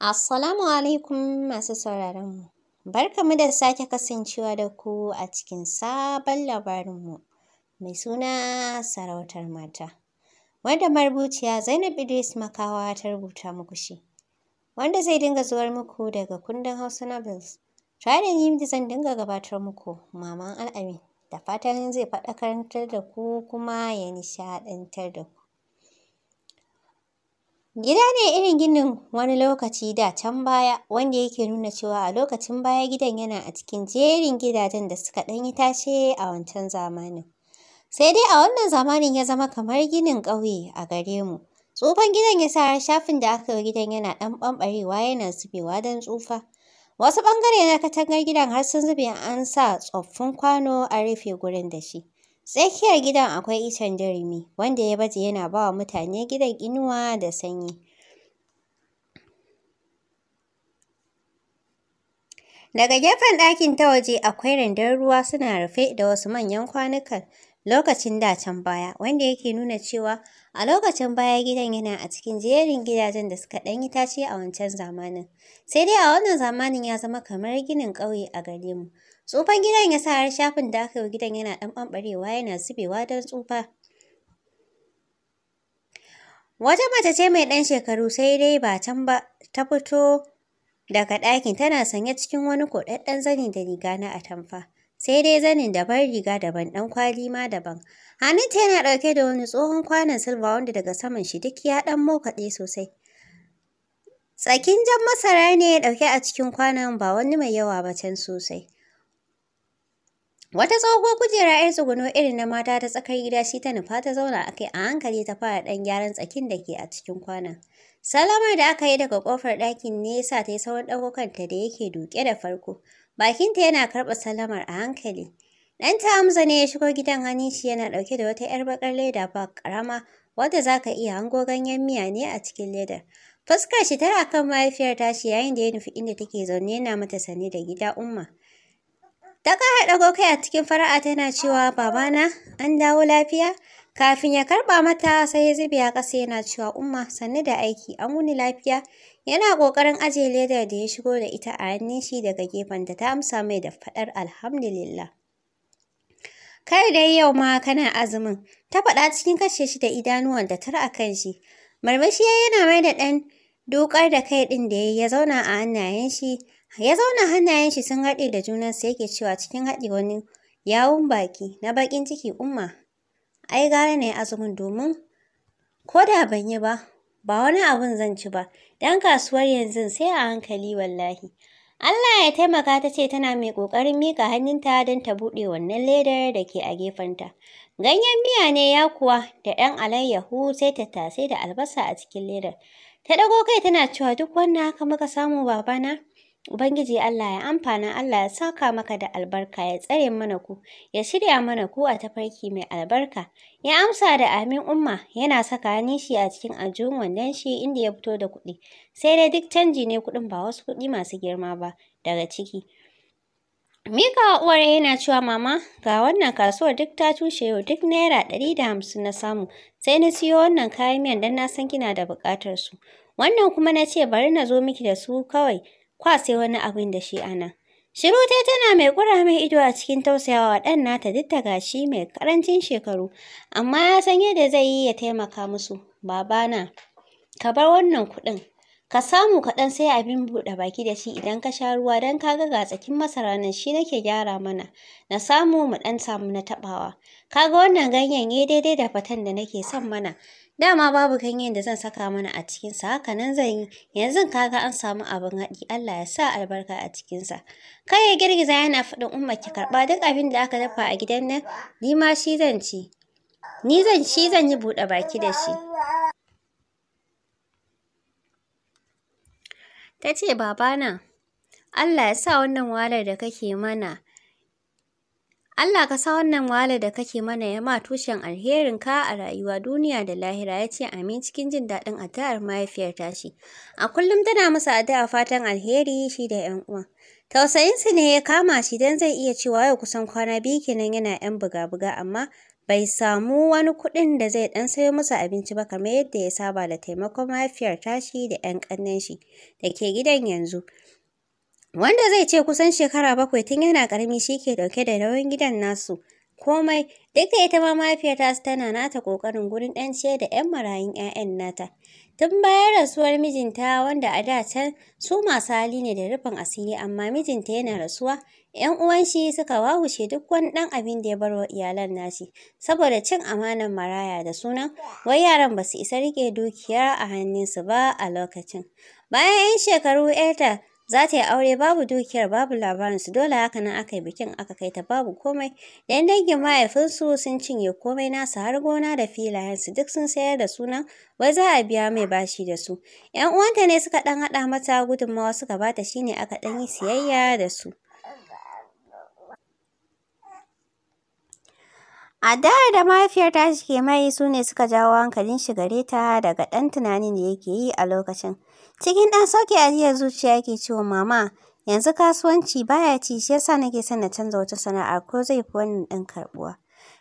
Assalamu alaikum masu sauraronmu. Barkamu da sake kasancewa da ku a cikin sabon labarinmu mai suna sarautar mata. Wanda marubuciya Zainab Idris Makawa ta rubuta muku shi. Wanda zai dinga zuwar muku daga kundin Hausa Novels. Tare da ni zan dinga gabatar muku Maman Al'amin da fatan zai faɗakar da ku kuma ya nishaɗantar da ku. Gida ne irin ginin wani lokaci da can baya wanda yake nuna cewa a lokacin baya gidan yana a cikin jerin gidajen da suka ɗan yi tashe a wancan zamanin. Sai dai a wannan zamanin ya zama kamar ginin ƙauye a gare mu. Tsufan gidan ya sa shafin da aka yi gidan yana ɗan ɓamɓarewa yana zubewa don tsufa. Wasu ɓangare na katangar gidan har sun zube an sa tsoffin kwano a rufe gurin da shi. Tsakiyar gidan akwai icen dirimi wanda ya baje yana ba wa mutane gidan inuwa da sanyi. Daga gefen ɗakin ta waje akwai randar ruwa suna rufe da wasu manyan kwanukan lokacin da can baya wanda yake nuna cewa a lokacin baya gidan yana a cikin jerin gidajen da suka ɗan yi a wancan zamanin. Sai dai a wannan zamanin ya zama kamar ginin ƙauye a gare mu. Tsufan gidan ya sa har shafin da aka yi gidan yana ɗan ɓanɓarewa yana zubewa don tsufa. Wata mace ce mai ɗan shekaru sai dai ba can ba ta fito daga ɗakin tana sanye cikin wani koɗaɗɗen zani da riga na atamfa. Sai dai zanin daban riga daban ɗan kwali ma daban. Hannunta yana ɗauke da wani tsohon kwanon silba wanda daga saman shi duk ya ɗan mokaɗe sosai. Tsakin jan masara ne ya ɗauke a cikin kwanon ba wani mai yawa ba can sosai. Wata tsohuwar kujera 'yar tsuguno irin na mata ta tsakar gida shi ta nufa ta zauna a kai a hankali ta fara ɗan gyaran tsakin da ke a cikin kwana. Salamar da aka yi daga ƙofar ɗakin ne ya sa ta yi sauran ɗago kanta da yake duke da farko. Bakinta yana karɓa salamar a hankali. ta Hamza ne ya shigo gidan hannun shi yana ɗauke da wata 'yar baƙar leda ba ƙarama wadda za ka iya hango ganyen miya ne a cikin ledar. Fuskar shi tana kan mahaifiyar tashi yayin da ya nufi inda take zaune yana mata sane da gida umma. Ta Daga ɗago kai a cikin fara'a tana cewa babana an dawo lafiya. Kafin ya karɓa mata sai ya zube a ƙasa yana cewa umma sannu da aiki an wuni lafiya. Yana ƙoƙarin ajiye ledar da ya shigo da ita a hannun shi daga gefen ta amsa mai da faɗar alhamdulillah. Kai dai yau ma kana azumin, ta faɗa cikin kashe shi da idanuwan da tara a kan shi. Marmashi yana mai da ɗan dokar da kai ɗin da ya zauna a hannayen shi. Ya zauna hannayen shi sun haɗe da junan sa yake cewa cikin haɗi wani yawun baki na bakin ciki umma. Ai gara na azumin domin ko da ban yi ba, ba wani abun zan ci ba, dan kasuwar yanzu sai a hankali wallahi. Allah ya taimaka ta ce tana mai ƙoƙarin mika hannunta don ta buɗe wannan ledar da ke a gefenta. Ganyen miya ne ya kuwa da ɗan alayyahu sai ta tasai da albasa a cikin ledar. Ta ɗago kai tana cewa duk wannan haka muka samu babana? Ubangiji Allah ya amfana Allah ya saka maka da albarka ya tsare mana ku ya shirya mana ku a tafarki mai albarka ya amsa da amin umma yana saka shi a cikin aljihun wandon shi inda ya fito da kuɗi sai dai duk canji ne kuɗin ba wasu kuɗi masu girma ba daga ciki Mika uwar yana cewa mama ga wannan kasuwar duk ta tushe yau duk naira ɗari da hamsin na samu sai na siyo wannan kayan miyan don na san kina da buƙatar su wannan kuma na ce bari na zo miki da su kawai kwase wani abin da shi anan. Shiru ta tana mai ƙura mai ido a cikin tausayawa ɗan nata duk da gashi mai ƙarancin shekaru, amma ya san yadda zai yi ya taimaka musu. Babana, ka bar wannan kuɗin, ka samu kaɗan sai abin buɗe baki da shi idan ka sha ruwa don ka ga ga tsakin masara nan shi nake gyara mana na samu mu ɗan samu na taɓawa ka ga wannan ganyen ya daidai da fatan da nake son mana Dama babu ganyen da zan saka mana a cikinsa, haka nan zan yi. Yanzu kaga an samu abin haɗi, Allah ya sa albarka a cikinsa. Kai ya girgiza yana fadin umma ki karba duk abin da aka dafa a gidan nan, ni ma shi zan ci. Ni zan ci zan yi buɗe baki da shi. Ta ce babana, Allah ya sa wannan wahalar da kake mana Allah ka sa wannan wahala da kake mana ya ma tushen alherin ka a rayuwa duniya da lahira ya ce amin cikin jin daɗin addu'ar mahaifiyar tashi. A kullum tana masa addu'a fatan alheri shi da 'yan uwan. Tausayinsu ne ya kama shi don zai iya cewa yau kusan kwana biyu kenan yana 'yan buga-buga amma bai samu wani kuɗin da zai ɗan sayo musu abinci ba kamar yadda ya saba da taimakon mahaifiyar tashi da 'yan ƙannen shi da ke gidan yanzu. Wanda zai ce kusan shekara bakwai tun yana ƙarami shi ke dauke da nauyin gidan nasu. Komai, duk da ita ma mafiyata su tana nata kokarin gurin ɗan ce da 'yan marayun 'ya'yan nata. Tun bayan rasuwar mijinta wanda a da can su masu hali ne da rufin asiri amma mijinta yana rasuwa, 'yan uwan shi suka wawushe duk wani 'dan abin da ya bar iyalan nashi saboda cin amanan maraya da sunan wai yaran basu isa rike dukiya a hannun su ba a lokacin. Bayan 'yan shekaru 'yarta za ta yi aure babu dukiyar babu labarinsu dole haka nan aka yi bikin aka kai ta babu komai yan dangin mahaifinsu sun cinye komai nasu har gona da filayensu duk sun sayar da sunan wai za a biya mai bashi da su yan uwanta ne suka ɗan haɗa mata gudunmawa suka bata shine aka ɗan yi siyayya da su Addu'ar da mahaifiyarta shi ke mai su ne suka jawo hankalin shi gare ta daga ɗan tunanin da yake yi a lokacin. Cikin ɗan sauke ajiyar zuciya yake cewa mama yanzu kasuwanci baya ci shi yasa nake son na canza wata sana'a ko zai fi wannan ɗin karɓuwa.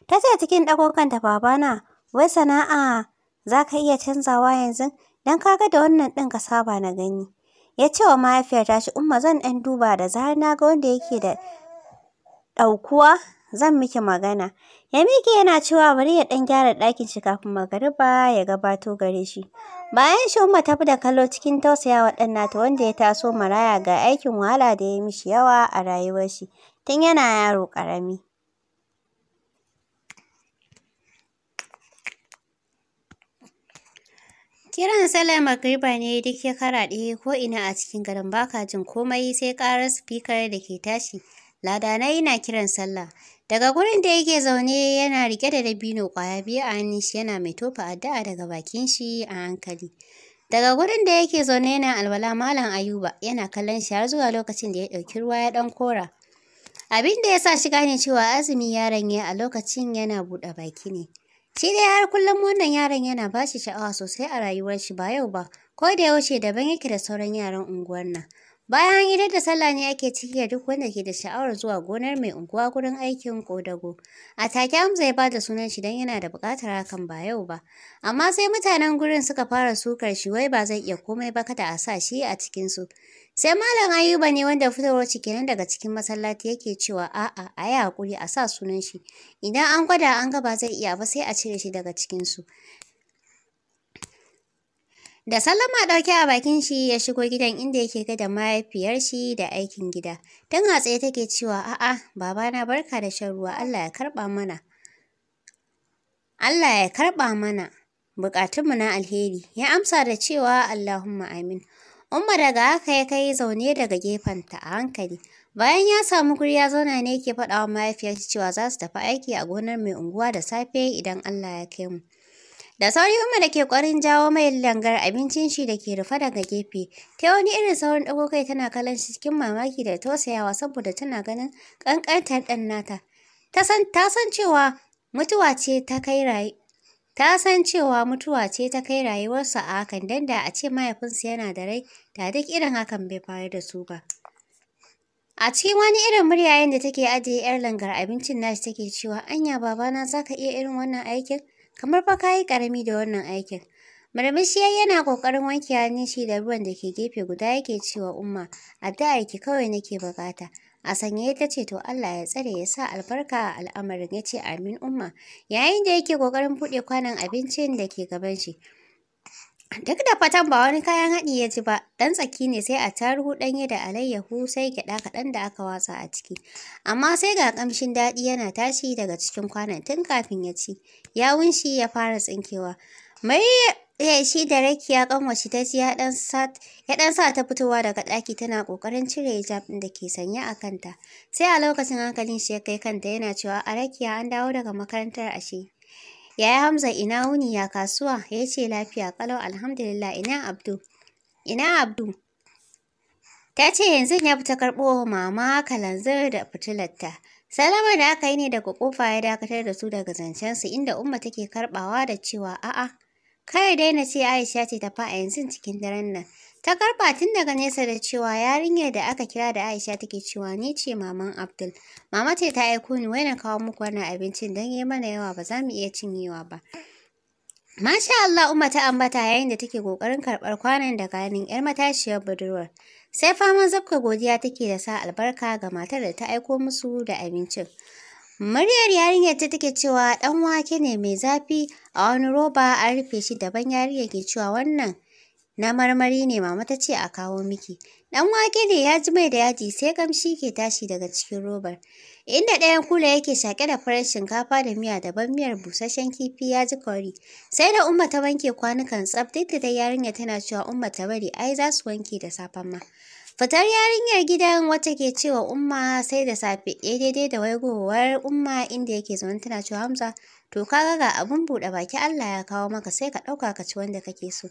Ta ce cikin ɗagon kanta babana wai sana'a za ka iya canzawa yanzu don ka ga da wannan ɗin ka saba na gani. Ya ce wa mahaifiyarta shi, umma zan ɗan duba da zarar na ga wanda yake da ɗaukuwa zan miki magana. Ya miƙe yana cewa bari ya ɗan gyara ɗakin shi kafin magariba ya gabato gare shi. Bayan shi Umma ta da kallo cikin wa ɗan nata wanda ya taso maraya ga aikin wahala da ya mishi yawa a rayuwar shi tun yana yaro ƙarami. Kiran sallar magriba ne duk ya karaɗe ko'ina a cikin garin baka jin komai sai ƙarar sifikar da ke tashi. yi na kiran sallah. Daga gurin da yake zaune yana rike da dabino kwaya biyu a hannun shi yana mai tofa addu'a daga bakin shi a hankali. Daga gurin da yake zaune yana alwala Malam Ayuba yana kallon shi har zuwa lokacin da ya ɗauki ruwa ya ɗan kora. Abin da ya sa shi gane cewa azumi yaron ya a lokacin yana buɗe baki ne. Shi dai har kullum wannan yaron yana ba shi sha'awa sosai a rayuwar shi ba yau ba, ko da yaushe daban yake da sauran yaran unguwar nan. Bayan an idar da sallah ne ake ciki da duk wanda ke da sha'awar zuwa gonar mai unguwa gurin aikin ƙodago. A take Hamza ya bada sunan shi don yana da buƙatar hakan ba yau ba. Amma sai mutanen gurin suka fara sukar shi wai ba zai iya komai ba kada a sa shi a cikinsu. Sai Malam Ayuba ne wanda fitowar shi kenan daga cikin masallaci yake cewa a'a a yi haƙuri a sa sunan shi. Idan an gwada an ga ba zai iya ba sai a cire shi daga cikinsu. Da salama ɗauke a bakin shi ya shigo gidan inda yake gada mahaifiyar shi da aikin gida. Tun a tsaye take cewa a'a babana barka da shan ruwa Allah ya karɓa mana. Allah ya karɓa mana buƙatunmu na alheri. Ya amsa da cewa Allahumma amin. Umma daga haka ya kai zaune daga gefenta a hankali. Bayan ya samu guri ya zauna ne yake faɗawa wa cewa za su tafi aiki a gonar mai unguwa da safe idan Allah ya kai mu. Da sauri Umma da ke ƙwarin jawo mai langar abincin shi da ke rufe daga gefe, ta wani irin saurin ɗago kai tana kallon shi cikin mamaki da tausayawa saboda tana ganin ƙanƙantar ɗan nata. Ta san cewa mutuwa ce ta kai Ta san cewa mutuwa ce ta kai rayuwarsa a hakan danda a ce mahaifinsa yana da rai da duk irin hakan bai faru da su ba. A cikin wani irin murya da take ajiye 'yar langar abincin nashi take cewa anya babana za ka iya irin wannan aikin? Kamar fa ka yi ƙarami da wannan aikin. Murmushi yana ƙoƙarin wanke hannun shi da ruwan da ke gefe guda yake cewa Umma, da ki kawai nake bukata A sanye ta ce to Allah ya tsare ya sa albarka a al'amarin ya ce amin Umma. Yayin da yake ƙoƙarin buɗe kwanon abincin da ke gaban shi. Duk da fatan ba wani kayan haɗi ya ji ba, ɗan tsaki ne sai a taruhu ɗanye da alayyahu sai gyaɗa kaɗan da aka watsa a ciki. Amma sai ga ƙamshin daɗi yana tashi daga cikin kwanon tun kafin ya ci. Yawun shi ya fara tsinkewa. Mai ya shi da rakiya ƙanwashi ta ji ya ɗan sa ta fitowa daga ɗaki tana ƙoƙarin cire hijab ɗin da ke sanye a kanta. Sai a lokacin hankalin shi ya kai kanta yana cewa a rakiya an dawo daga makarantar ashe. Yaya Hamza ina wuni ya kasuwa? Ya ce lafiya kalau alhamdulillah ina Abdu. Ina Abdu? Ta ce yanzu ya fita karɓo mama kalanzir da fitilarta. Salama da aka yi ne daga kofa ya dakatar da su daga zancensu inda Umma take karɓawa da cewa a'a. Kai na ce Aisha ce fa a yanzu cikin daren nan. Ta karba tun daga nesa da cewa yarinyar da aka kira da Aisha take cewa ni ce maman Abdul. Mama ce ta aiko ni wai na kawo muku wannan abincin don yi mana yawa ba za mu iya cinyewa ba. Masha Allah Umma ta ambata yayin da take kokarin karɓar kwanan da ganin 'yar matashiyar budurwar. Sai faman zabka godiya take da sa albarka ga matar da ta aiko musu da abincin. Muryar yarinyar ta take cewa ɗan wake ne mai zafi a wani roba an rufe shi daban yarinyar ke cewa wannan Na marmari ne mama ta ce a kawo miki. Ɗan wake ne ya ji mai da yaji sai kamshi ke tashi daga cikin robar. Inda ɗayan kula yake shaƙe da farar shinkafa da miya daban miyar busasshen kifi ya ji kori. Sai da Umma ta wanke kwanukan tsaf duk da yarinya tana cewa Umma ta bari ai za su wanke da safen ma. Fitar yarinyar gidan wacce ke cewa Umma sai da safe daidai da waigowar Umma inda yake zaune tana cewa Hamza to kaga ga abun buɗe baki Allah ya kawo maka sai ka ɗauka ka ci wanda kake so.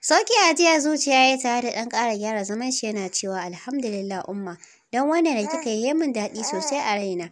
Sauki jiya zuciya ya tare da ɗan ƙara gyara zaman shi yana cewa alhamdulillah Umma don wannan da kika yi min daɗi sosai a raina.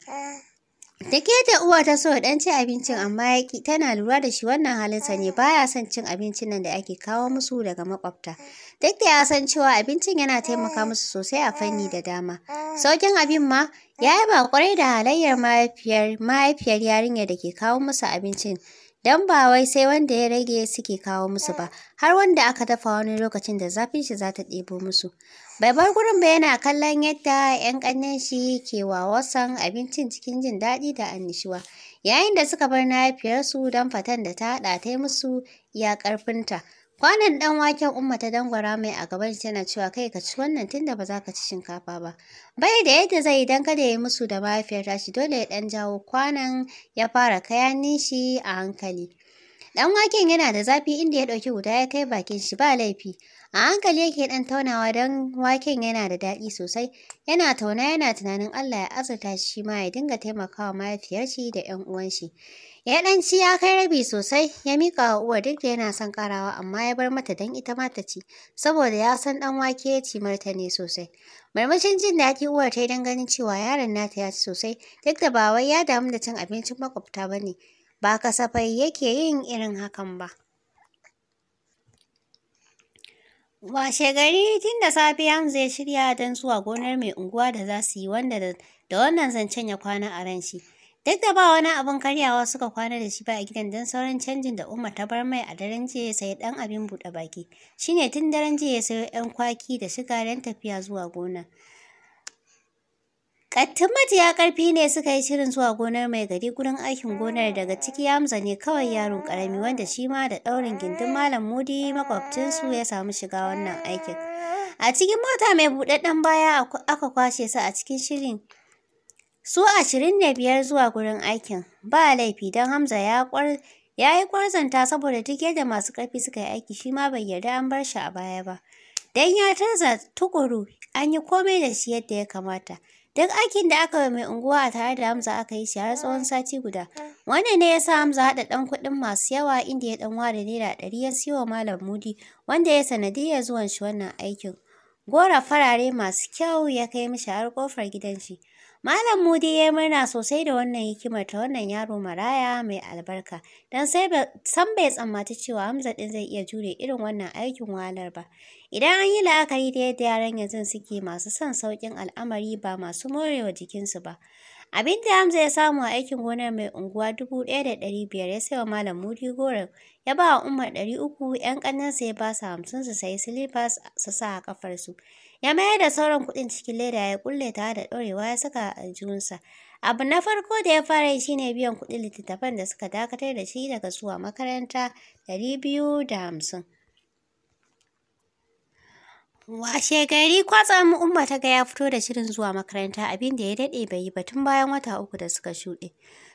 Da ke da uwa ta so dan ci abincin amma yaki tana lura da shi wannan halinsa ne baya son cin abincin nan da ake kawo musu daga makwabta. Duk da ya san cewa abincin yana taimaka musu sosai a fanni da dama. Saukin abin ma ya yi kwarai da halayyar mahaifiyar mahaifiyar yarinyar da ke kawo musu abincin. Dan ba wai sai wanda ya rage suke kawo musu ba, har wanda aka dafa wani lokacin da zafin shi za ta ɗebo musu. Bai bar gurin ba yana kallon yadda 'yan ƙannen shi ke wawasan abincin cikin jin daɗi da annishuwa. Yayin da suka bar nafiyarsu don fatan da ta haɗa ta yi musu iya ƙarfinta. Kwanan ɗan waken Umma ta dangwara mai a gaban shi tana cewa kai ka ci wannan tun da ba za ka ci shinkafa ba. Bai da yadda zai yi don kada ya yi musu da mahaifiyar tashi dole ya ɗan jawo kwanan ya fara kayanin shi a hankali. Ɗan waken yana da zafi inda ya ɗauki guda ya kai bakin shi ba laifi. A hankali yake ɗan taunawa don waken yana da daɗi sosai. Yana tauna yana tunanin Allah ya azurta shi ma ya dinga taimakawa mahaifiyar shi da ‘yan uwan shi. Ya ɗan ci ya kai rabi sosai ya miƙa wa uwa duk da yana son ƙarawa amma ya bar mata don ita ma ta ci saboda ya san ɗan wake ya ci marta ne sosai. Marmashin jin daɗi uwar ta yi don ganin cewa yaron nata ya ci sosai duk da ba wai ya damu da cin abincin makwabta ba ne. ba kasafai yake yin irin hakan ba. Washe gari tun da safe Hamza ya shirya don zuwa gonar mai unguwa da za su yi wanda da wannan zancen ya kwana a ran shi. Duk da ba wani abin karyawa suka kwana da shi ba a gidan don sauran canjin da Umar ta bar mai a daren jiya sai dan abin bude baki. Shine tun daren jiya sayo 'yan kwaki da shiga don tafiya zuwa gona. Kattumat ya karfi ne suka yi shirin zuwa gonar mai gari gurin aikin gonar daga ciki Hamza ne kawai yaron karami wanda shi ma da daurin gindin Malam Mudi makwabcinsu ya samu shiga wannan aikin. A cikin mota mai buɗaɗɗen baya aka kwashe su a cikin shirin su ashirin da biyar zuwa gurin aikin. Ba laifi don Hamza ya kwar ya yi kwarzanta saboda duk yadda masu ƙarfi suka yi aiki shi ma bai yarda an bar shi a baya ba. Dan ya canza tukuru an yi komai da shi yadda ya kamata. Duk aikin da aka yi mai unguwa a tare da Hamza aka yi shi har tsawon sati guda. Wannan ne ya sa Hamza haɗa ɗan kuɗin masu yawa inda ya ɗan ware naira ɗari ya siyo Malam Mudi wanda ya sanadiyyar zuwan shi wannan aikin. Gora farare masu kyau ya kai mishi har ƙofar gidan shi. Malam Mudi ya murna sosai da wannan hikimar ta wannan yaro maraya mai albarka, don sai san bai tsammata cewa Hamza ɗin zai iya jure irin wannan aikin wahalar ba. Idan an yi la'akari da yadda yaran yanzu suke masu son sauƙin al'amari ba masu morewa jikinsu ba. Abin da Hamza ya samu a aikin gonar mai unguwa dubu ɗaya da ɗari biyar ya sayo Malam Mudi goron. Ya ba wa Umar ɗari uku, ‘yan ƙannansa ya ba su hamsin su sayi silifas su sa a ƙafarsu. Ya mayar da sauran kuɗin cikin leda ya kulle ta da ɗorewa ya saka a aljihunsa. Abu na farko da ya fara yi shine biyan kuɗin littattafan da suka dakatar da shi daga zuwa makaranta ɗari biyu da hamsin. Washe gari kwatsa umma ta ga ya fito da shirin zuwa makaranta abin da ya daɗe bai yi ba tun bayan wata uku da suka shuɗe.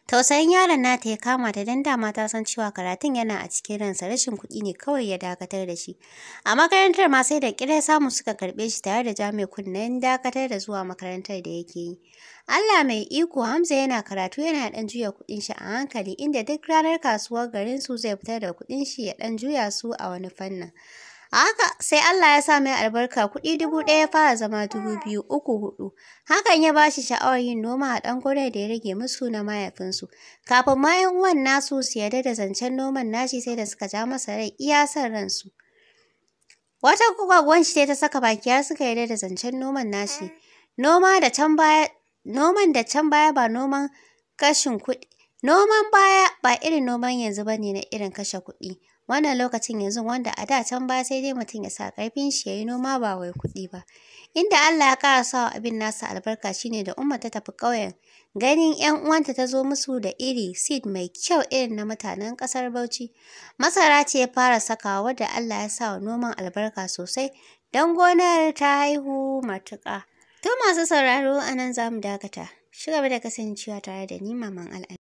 Tausayin yaron nata ya kama ta don dama ta san cewa karatun yana a cikin ransa rashin kuɗi ne kawai ya dakatar da shi. A makarantar ma sai da ƙirar samu suka karɓe shi tare da jami kunnen dakatar da zuwa makarantar da yake yi. Allah mai iko Hamza yana karatu yana ɗan juya kuɗin shi a hankali inda duk ranar kasuwar garin su zai fitar da kuɗin shi ya ɗan juya su a wani fannin. haka sai Allah ya sa mai albarka kuɗi dubu ɗaya ya fara zama dubu biyu uku huɗu. hakan ya ba shi sha'awar yin noma a ɗan gurin da ya rage musu na mahaifinsu kafin ma yan uwan nasu su yarda da zancen noman nashi sai da suka ja masa rai iya son ransu wata kwakwagwan shi ta saka baki ya suka yarda da zancen noman nashi noma da can baya noman da can baya ba noman kashin kuɗi Noman baya ba irin noman yanzu ba ne na irin kashe kuɗi. Wannan lokacin yanzu wanda a da can baya sai dai mutum ya sa ƙarfin shi ya yi noma ba wai kuɗi ba. Inda Allah ya ƙara sa wa abin nasa albarka shine da Umma ta tafi ƙauyen. Ganin 'yan uwanta ta zo musu da iri seed mai kyau irin na mutanen ƙasar Bauchi. Masara ce ya fara sakawa wadda Allah ya sa wa noman albarka sosai don gonar ta haihu matuƙa. To masu sauraro a nan za mu dakata. Shi gaba da kasancewa tare da ni Maman Al'adu.